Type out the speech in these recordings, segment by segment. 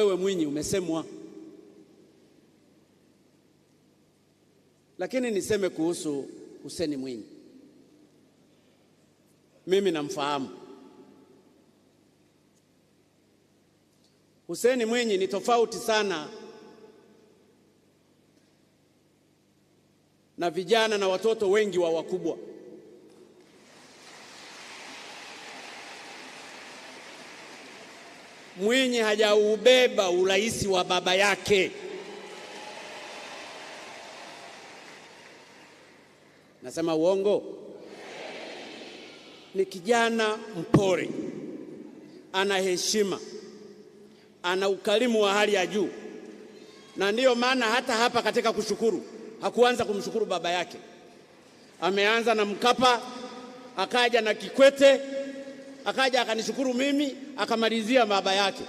Wewe Mwinyi umesemwa. Lakini niseme kuhusu huseni Mwinyi, mimi namfahamu huseni Mwinyi. Ni tofauti sana na vijana na watoto wengi wa wakubwa. Mwinyi hajaubeba urais wa baba yake. Nasema uongo? Ni kijana mpole, ana heshima, ana ukarimu wa hali ya juu, na ndiyo maana hata hapa katika kushukuru hakuanza kumshukuru baba yake, ameanza na Mkapa, akaja na Kikwete akaja akanishukuru mimi, akamalizia baba yake.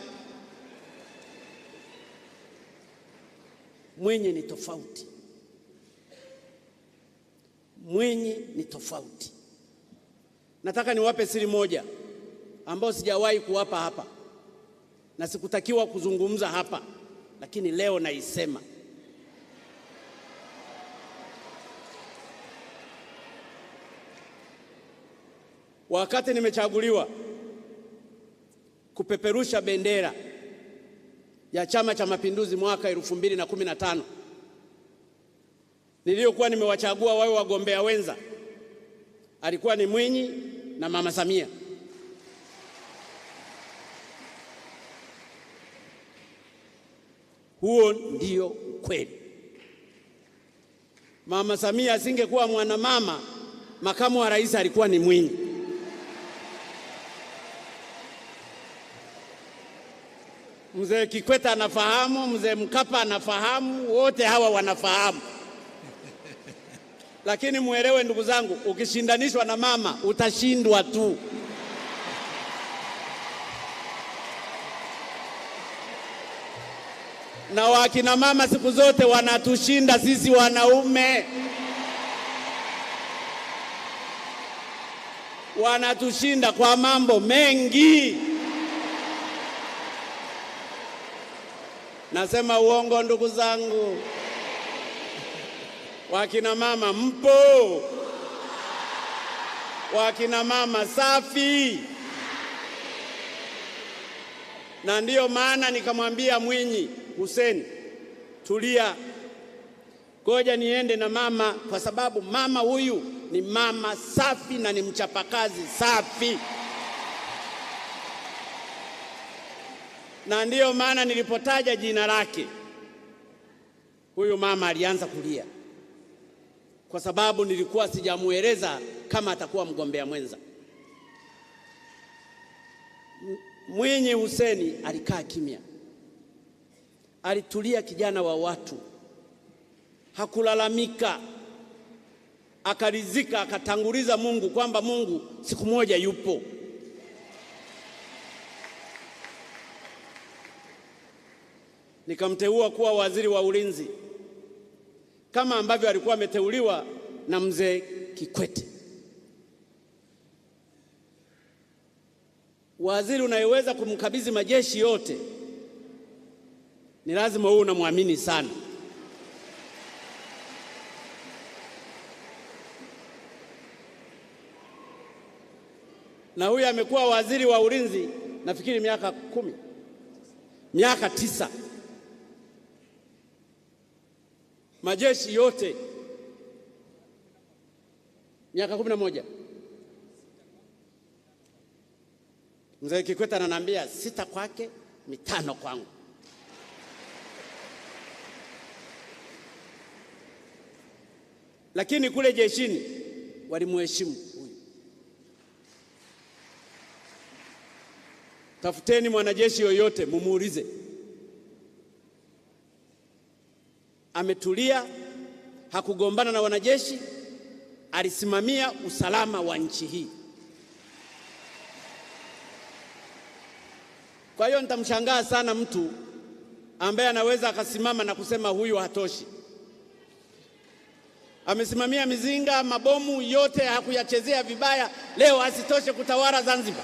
Mwenye ni tofauti, mwenye ni tofauti. Nataka niwape siri moja ambayo sijawahi kuwapa hapa na sikutakiwa kuzungumza hapa, lakini leo naisema. Wakati nimechaguliwa kupeperusha bendera ya Chama cha Mapinduzi mwaka 2015 niliyokuwa nimewachagua wawe wagombea wenza alikuwa ni Mwinyi na Mama Samia. Huo ndio ukweli. Mama Samia asingekuwa mwanamama, makamu wa rais alikuwa ni Mwinyi. Mzee Kikwete anafahamu, mzee Mkapa anafahamu, wote hawa wanafahamu. Lakini mwelewe ndugu zangu, ukishindanishwa na mama utashindwa tu. Na wakina mama siku zote wanatushinda sisi wanaume, wanatushinda kwa mambo mengi. Nasema uongo ndugu zangu? Wakina mama mpo? Wakina mama safi. Na ndiyo maana nikamwambia Mwinyi Hussein, tulia, ngoja niende na mama, kwa sababu mama huyu ni mama safi na ni mchapakazi safi. na ndiyo maana nilipotaja jina lake huyu mama alianza kulia, kwa sababu nilikuwa sijamueleza kama atakuwa mgombea mwenza. Mwinyi Huseni alikaa kimya, alitulia, kijana wa watu, hakulalamika, akalizika akatanguliza Mungu kwamba Mungu siku moja yupo. nikamteua kuwa waziri wa ulinzi kama ambavyo alikuwa ameteuliwa na mzee Kikwete. Waziri unayeweza kumkabidhi majeshi yote, ni lazima wewe unamwamini sana. Na huyu amekuwa waziri wa ulinzi nafikiri miaka kumi, miaka tisa. majeshi yote miaka kumi na moja. Mzee Kikwete ananiambia sita kwake mitano kwangu. Lakini kule jeshini walimheshimu huyu. Tafuteni mwanajeshi yoyote mumuulize ametulia, hakugombana na wanajeshi, alisimamia usalama wa nchi hii. Kwa hiyo nitamshangaa sana mtu ambaye anaweza akasimama na kusema huyu hatoshi. Amesimamia mizinga, mabomu yote hakuyachezea vibaya, leo asitoshe kutawala Zanzibar.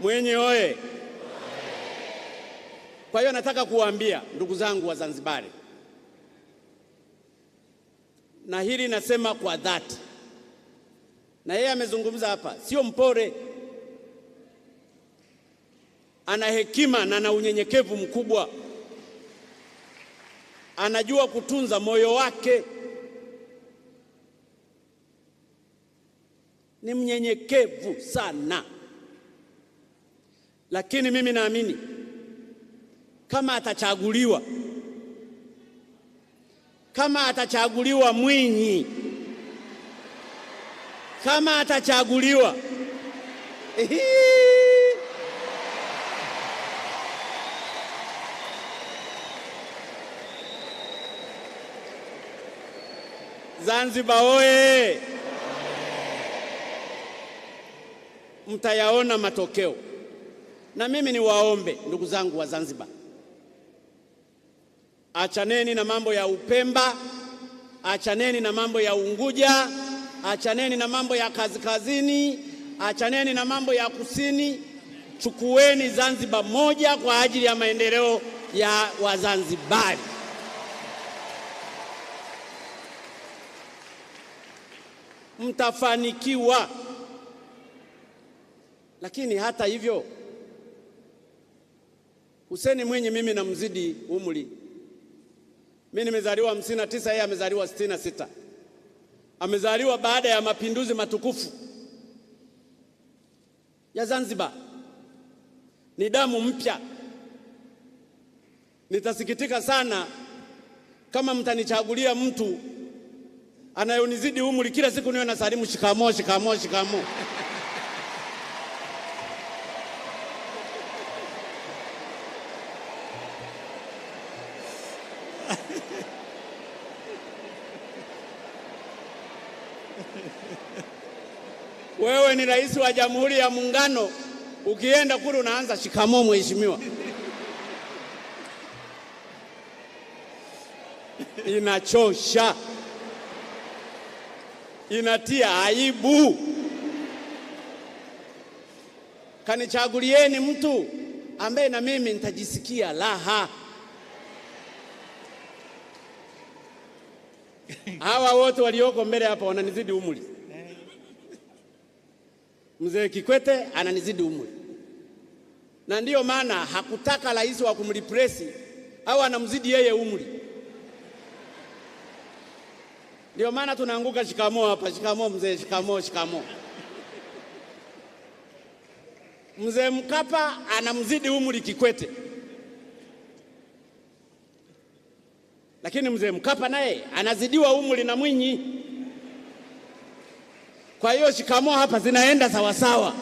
Mwenye oye! Kwa hiyo nataka kuwaambia ndugu zangu wa Zanzibari, na hili nasema kwa dhati, na yeye amezungumza hapa, sio mpore, ana hekima na ana unyenyekevu mkubwa, anajua kutunza moyo wake, ni mnyenyekevu sana, lakini mimi naamini kama atachaguliwa, kama atachaguliwa Mwinyi, kama atachaguliwa Zanzibar oye! Mtayaona matokeo, na mimi niwaombe ndugu zangu wa Zanzibar Achaneni na mambo ya Upemba, achaneni na mambo ya Unguja, achaneni na mambo ya kazikazini achaneni na mambo ya Kusini. Chukueni Zanzibar moja kwa ajili ya maendeleo ya Wazanzibari. Mtafanikiwa. Lakini hata hivyo, Hussein Mwinyi mimi namzidi umri. Mimi nimezaliwa 59, yeye amezaliwa 66. Amezaliwa baada ya mapinduzi matukufu ya Zanzibar. Ni damu mpya. Nitasikitika sana kama mtanichagulia mtu anayonizidi umri, kila siku niwe na salimu shikamoo, shikamoo, shikamoo. wewe ni rais wa Jamhuri ya Muungano, ukienda kule unaanza shikamoo mheshimiwa. Inachosha, inatia aibu. Kanichagulieni mtu ambaye na mimi nitajisikia raha. Hawa wote walioko mbele hapa wananizidi umri. Mzee Kikwete ananizidi umri, na ndiyo maana hakutaka rais wa kumripresi au anamzidi yeye umri. Ndiyo maana tunaanguka shikamoo hapa, shikamoo mzee, shikamoo, shikamoo. Mzee Mkapa anamzidi umri Kikwete, lakini mzee Mkapa naye anazidiwa umri na Mwinyi. Kwa hiyo shikamoo hapa zinaenda sawasawa.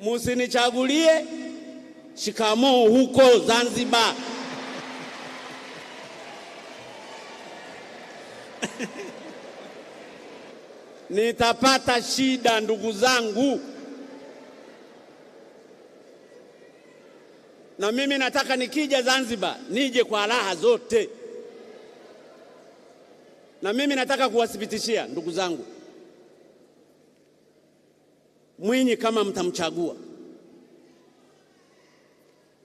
Musinichagulie shikamoo huko Zanzibar. Nitapata shida ndugu zangu. na mimi nataka nikija Zanzibar nije kwa raha zote, na mimi nataka kuwathibitishia ndugu zangu, Mwinyi kama mtamchagua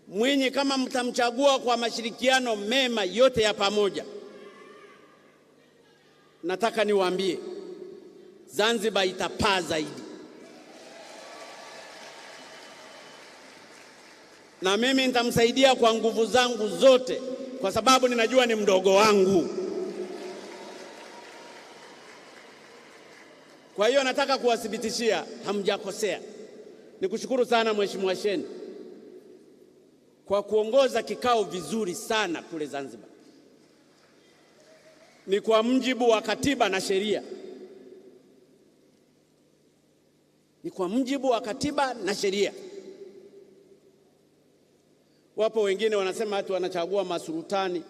Mwinyi kama mtamchagua kwa mashirikiano mema yote ya pamoja, nataka niwaambie Zanzibar itapaa zaidi. na mimi nitamsaidia kwa nguvu zangu zote, kwa sababu ninajua ni mdogo wangu. Kwa hiyo nataka kuwathibitishia hamjakosea. Nikushukuru sana Mheshimiwa Sheni kwa kuongoza kikao vizuri sana kule Zanzibar. Ni kwa mujibu wa katiba na sheria, ni kwa mujibu wa katiba na sheria. Wapo wengine wanasema hati wanachagua masultani.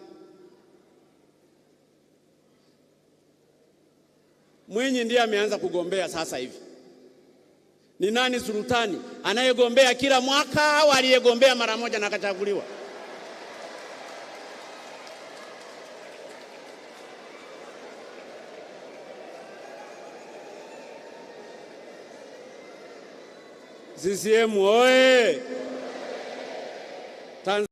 Mwinyi ndiye ameanza kugombea sasa hivi. Ni nani sultani anayegombea kila mwaka au aliyegombea mara moja na akachaguliwa? CCM oye! Dann